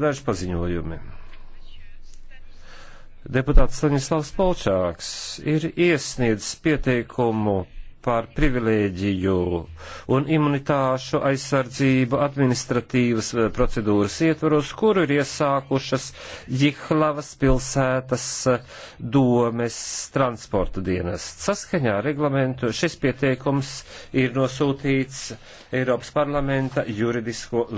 Daži paziņojumi. Deputāts Staņislavs Polčāks ir iesniedzis pieteikumu par privilēģiju un imunitāšu aizsardzību administratīvas eh, procedūras ietvaros, kuru ir iesākušas Jihlavas pilsētas eh, domes transporta dienas. Saskaņā reglamentu šis pieteikums ir nosūtīts Eiropas parlamenta juridisko